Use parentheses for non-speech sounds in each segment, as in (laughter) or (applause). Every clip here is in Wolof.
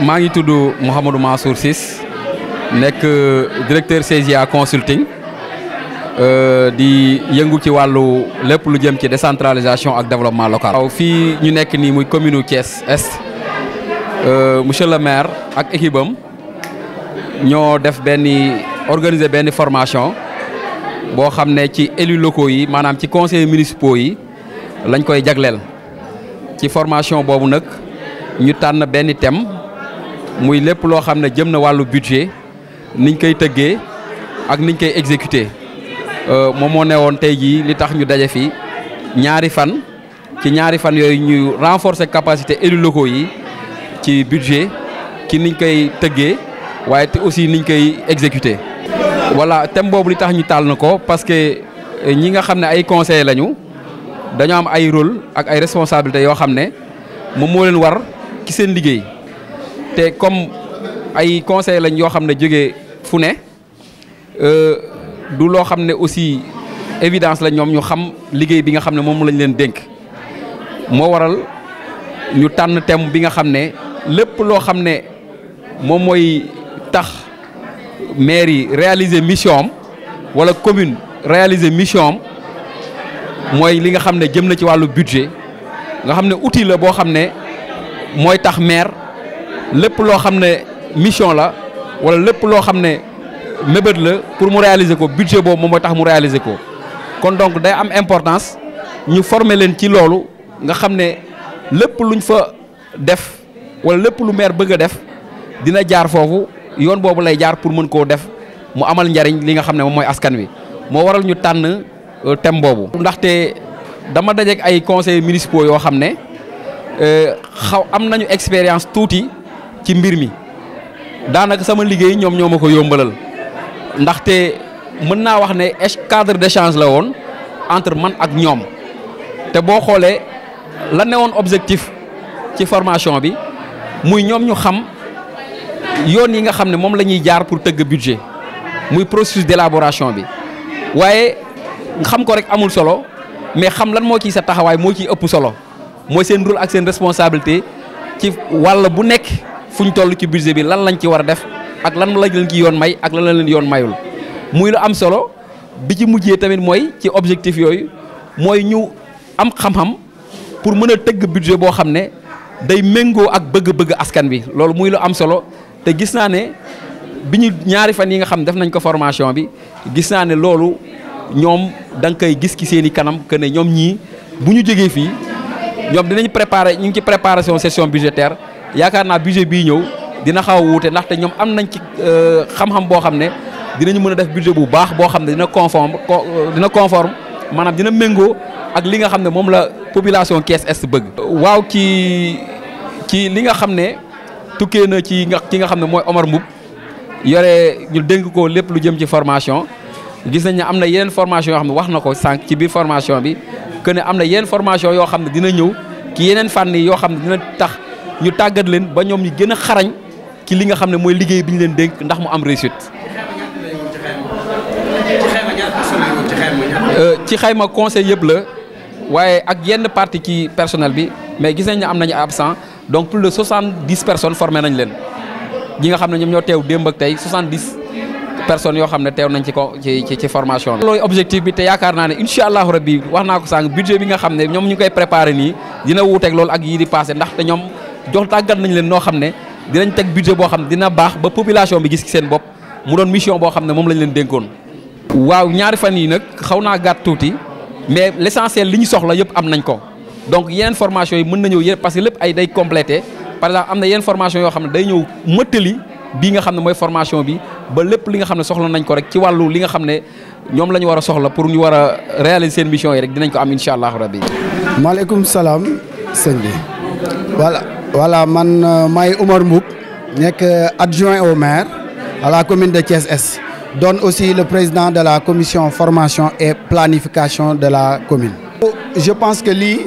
maa ngi tudd Mouhamadou Mansour nekk nekk euh, directeur CGA consulting euh, di yëngu ci wàllu lépp lu jëm ci décentralisation ak développement local. waaw fii ñu nekk nii muy commune u Thiès Est euh, monsieur le maire ak équipe ñoo def benn organiser benn formation boo xam ne ci élus locaux yi maanaam ci conseils municipaux yi lañ koy jagleel ci formation boobu nag ñu tànn benn thème. muy lépp loo xam ne jëm na wàllu budget niñ koy tëggee ak niñ koy exécuter euh, moom moo ne woon tey jii li tax ñu daje fi ñaari fan ci ñaari fan yooyu ñu renforcer capacité élus locaux yi ci budget ci niñ koy tëggee waaye te aussi niñ koy exécuter. voilà tem boobu li tax ñu taal na ko parce que euh, ñi nga xam ne ay conseillers lañu dañoo am ay rôle ak ay responsabilités yoo xam ne moom moo leen war ci seen liggéey. te comme ay conseil lañ yoo xam ne jóge fu ne euh, du loo xam ne aussi évidence la ñoom ñu xam liggéey bi nga xam ne moom lañ leen dénk moo waral ñu tànn thème bi nga xam ne lépp loo xam ne moom mooy tax maire yi réaliser mission am wala commune réaliser mission am mooy li nga xam ne jëm na ci wàllu budget nga xam ne outil la boo xam ne mooy tax maire lépp loo xam ne mission la wala lépp loo xam ne mébét la pour mu réaliser ko budget boobu moo mooy tax mu réaliser ko kon donc day am importance ñu former leen ci loolu nga xam ne lépp luñ fa def wala lépp lu maire bëgg a def dina jaar foofu yoon boobu lay jaar pour mën koo def mu amal njariñ li nga xam ne moom mooy askan wi moo waral ñu tànn euh, thème boobu. ndaxte dama dajeek ay conseillers municipaux yoo xam ne euh, xaw am nañu expérience tuuti. ci mbir mi daanaka sama liggéey ñoom ñoo ma ko yombalal ndaxte mën naa wax ne cadre de change la woon entre man ak ñoom te boo xoolee la ne woon objectif ci formation bi muy ñoom ñu xam yoon yi nga xam ne moom la ñuy jaar pour tëgg budget muy processus d'élaboration bi waaye xam ko rek amul solo mais xam lan moo ciy sa taxawaay moo ciy ëpp solo mooy seen rôle ak seen responsabilité ci wàll bu nekk. fu ñu toll ci budget bi lan lañ ci war a def ak lan lañ leen ci yoon may ak lan lañ leen yoon mayul muy lu am solo bi ci mujjee tamit mooy ci objectif yooyu mooy ñu am xam-xam pour mën a tëgg budget boo xam ne day méngoo ak bëgg-bëgg askan bi loolu muy lu am solo te gis naa ne bi ñu ñaari fan yi nga xam def nañ ko formation bi gis naa ne loolu ñoom danga koy gis ki seen i kanam que ne ñoom ñii bu ñu jógee fii ñoom dinañ préparer ñu ngi ci préparation session budgétaire yaakaar naa budget bii ñëw dina xaw a wuute ndaxte ñoom am nañ ci euh, xam-xam boo xam ne dinañu mën a def budget bu baax boo xam ne dina conforme euh, dina conforme maanaam dina méngoo ak li nga xam ne moom la population Thiès Est bëgg. waaw ci ci li nga xam ne tukkee na ci nga ki nga xam ne mooy Omar Mbub yore ñu dénk ko lépp lu jëm ci formation gis nañ ne am na yeneen formation yoo xam ne wax na ko sànq ci biir formation bi que am na yeneen formation yoo xam ne dina ñëw ci yeneen fànn yoo xam ne dina tax. ñu tàggat leen ba ñoom ñu gën a xarañ ci li nga xam ne mooy liggéey bi ñu leen dénk ndax mu am réussite. Euh, ci xayma conseil yëpp la waaye ak yenn parti ci personnel bi mais gis nañ ne am nañu absent donc plus de soixante dix personnes formé nañ leen ñi nga xam ne ñoom ñoo teew démb ak tey soixante dix personnes yoo xam ne teew nañ ci ko ci ci formation bi. loolu objectif bi te yaakaar naa ne incha allahu rabbi wax naa ko sànq budget bi nga xam ne ñoom ñu koy préparé nii dina wuuteeg loolu ak yii di passé ndaxte ñoom. jox tàggat nañ leen noo xam ne dinañ teg budget boo xam ne dina baax ba population bi gis ci seen bopp mu doon mission boo xam ne moom lañ leen dénkoon. waaw ñaari fan yi nag xaw naa gaat tuuti mais lessance li ñu soxla yëpp am nañ ko donc yeneen formation yi mën na ñëw yëpp parce que lépp ay day complété par exemple am na yeneen formation yoo xam ne day ñëw mëttali bii nga xam ne mooy formation bi ba lépp li nga xam ne soxla nañ ko rek ci wàllu li nga xam ne ñoom la war a soxla pour ñu war a réaliser seen mission yi rek dinañ ko am incha allahu rabbi. maaleykum salaam sëñ bi voilà man euh, maay Omar Mboup nekk euh, adjoint au maire à la commune de Thiès Est donne aussi le président de la commission formation et planification de la commune. je pense que lii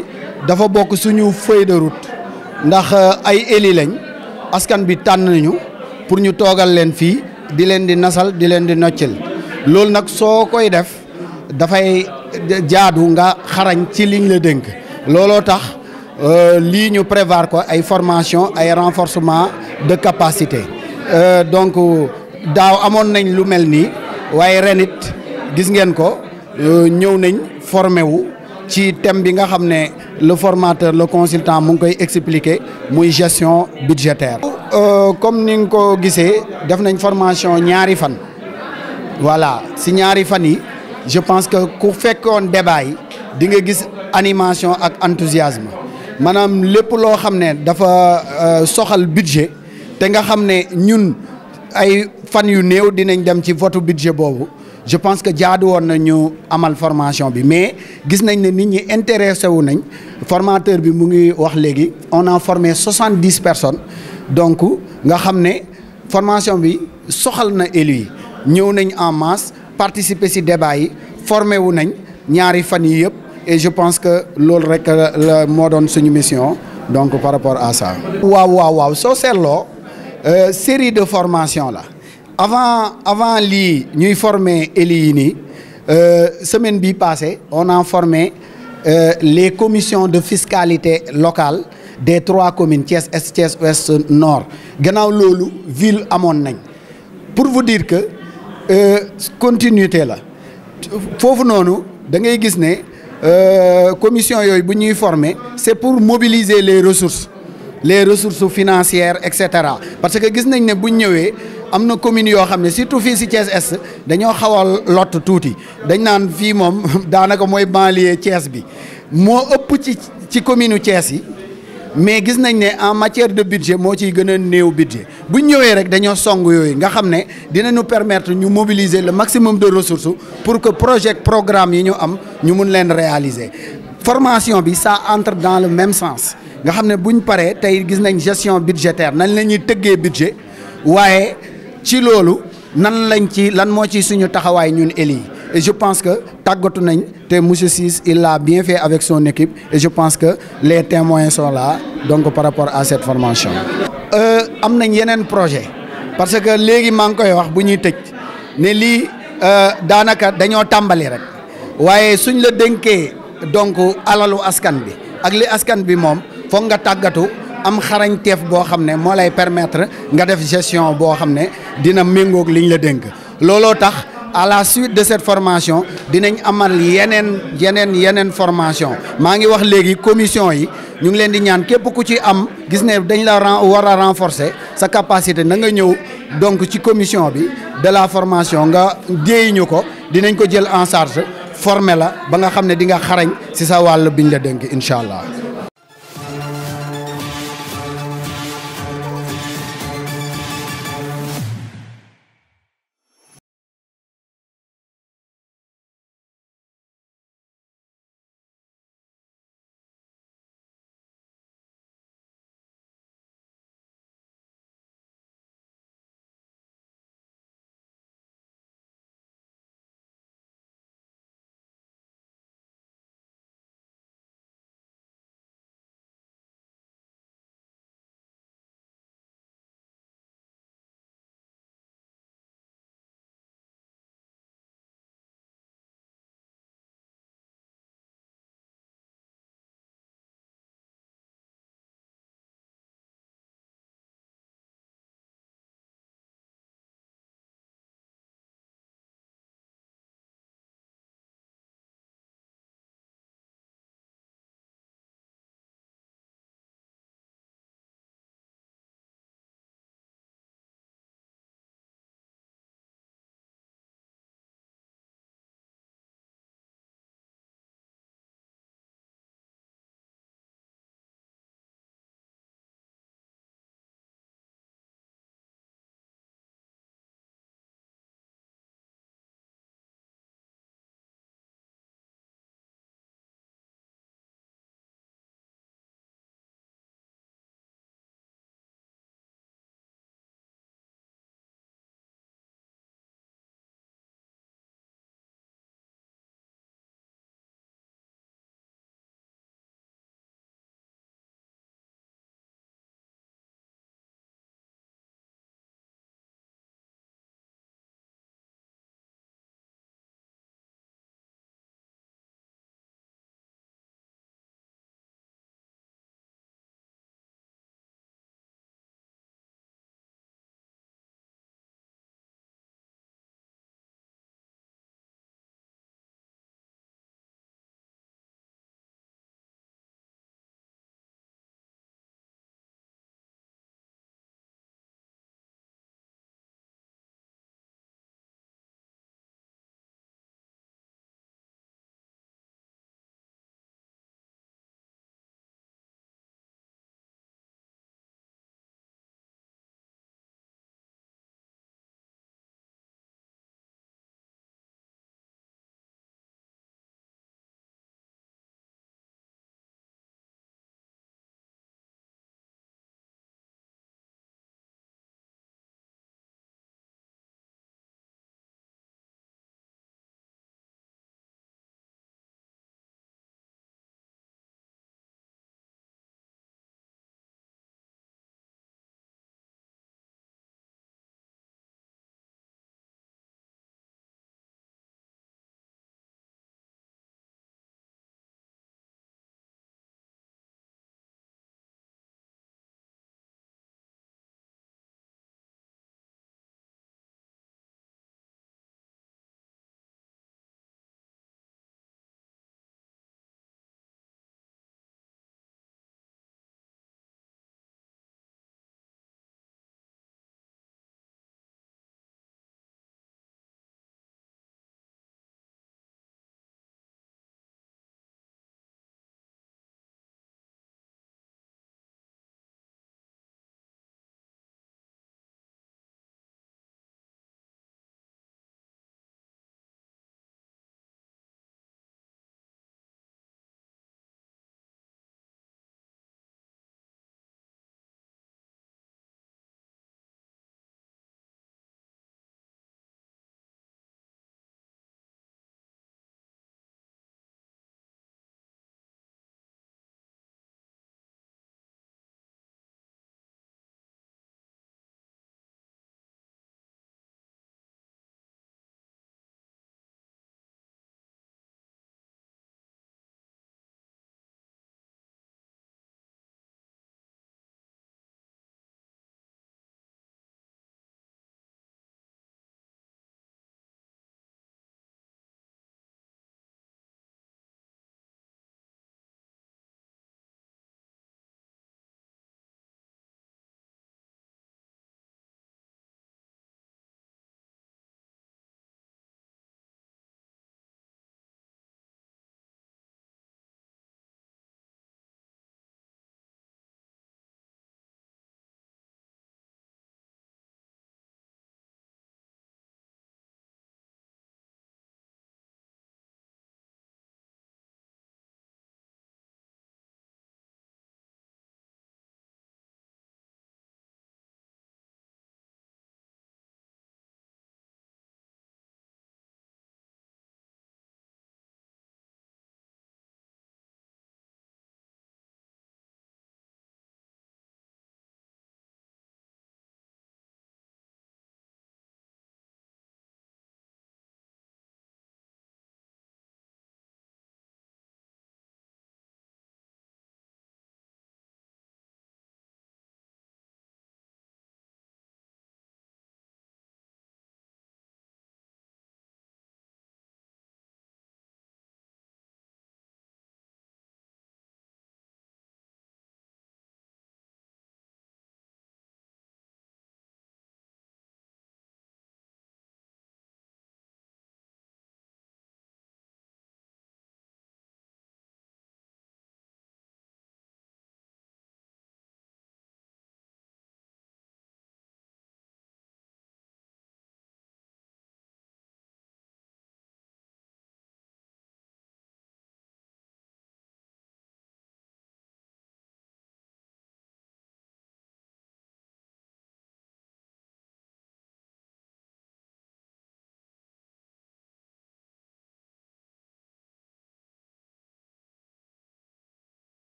dafa bokk suñu feuille ndax euh, ay éli lañ askan bi tànn nañu pour ñu toogal leen fii di leen di nasal di leen di noccel loolu nag soo koy def dafay jaadu nga xarañ ci liñ la dénk looloo tax. Euh, lii ñu prévoir ko ay formation ay renforcement de capacité euh, donc daaw amoon nañ lu mel nii waaye ren it gis ngeen ko euh, ñëw nañ formé wu ci thème bi nga xam ne le formateur le consultant mu ngi koy expliquer muy gestion budgétaire. comme ni ko gisee def nañ formation ñaari fan voilà si ñaari fan yi je pense que ku fekkoon débat yi di nga gis animation ak enthousiasme. maanaam lépp loo xam ne dafa euh, soxal budget te nga xam ne ñun ay fan yu néew dinañ dem ci votu budget boobu je pense que jaadu woon na amal formation bi mais gis nañ ne nit ñi intéressé wu nañ formateur bi mu ngi wax léegi on a formé soixante dix personnes donc nga xam ne formation bi soxal na élu yi ñëw nañ en masse participer si débat yi formé wu nañ ñaari fan yi yëpp. je pense que loolu rek la moo doon suñu mission donc par rapport à ça. waaw waaw waaw soo seetloo euh, série de formation la avant avant lii ñuy former éli yi nii euh, semaine bi passée on a formé euh, les commissions de fiscalité locales des trois communes Thiès Est Thiès Ouest Nord gannaaw loolu ville amoon nañ pour vous dire que continuité la foofu noonu da ngay gis ne. Euh, commission yooyu bu ñuy former c'est pour mobiliser les ressources les ressources financières et cetera parce que gis nañ ne bu ñëwee am na communes yoo xam ne surtout fii si Thiès Est dañoo xaw a lott tuuti dañ naan fii moom (laughs) daanaka mooy banlieue Thiès bi moo ëpp ci ci commune Thiès yi. mais gis nañ ne en matière de budget moo ciy gën a néew budget bu ñëwee rek dañoo song yooyu nga xam ne dinañu permettre ñu mobiliser le maximum de ressources pour que projet programme yi ñu am ñu mun leen réaliser. formation bi sa entre dans le même sens nga xam ne buñ paree tey gis nañ gestion budgétaire nañ la ñuy tëggee budget waaye ci loolu nan lañ ci lan moo ci suñu taxawaay ñun éli je pense que Tagotunen, Monsieur 6, il l'a bien fait avec son équipe. je pense que les témoins sont là donc par rapport à cette formation. Euh, il y a projet. Parce que léegi maa ngi koy wax bu ont été ne lii euh, daanaka dañoo tàmbali rek waaye suñ la dénkee donc alalu askan bi ak li askan bi moom foog nga tàggatu am xarañteef boo xam ne moo lay permettre nga def gestion boo xam ne dina méngoog liñ la dénk looloo tax à la suite de cette formation dinañ amal yeneen yeneen yeneen formation maa ngi wax léegi commission yi ñu ngi leen di ñaan képp ku ci am gis ne dañ la war a renforcer sa capacité na nga ñëw donc ci commission bi de la formation nga déey ko dinañ ko jël en charge former la ba nga xam ne dinga nga xarañ si sa wàll biñ la dénk incha allah.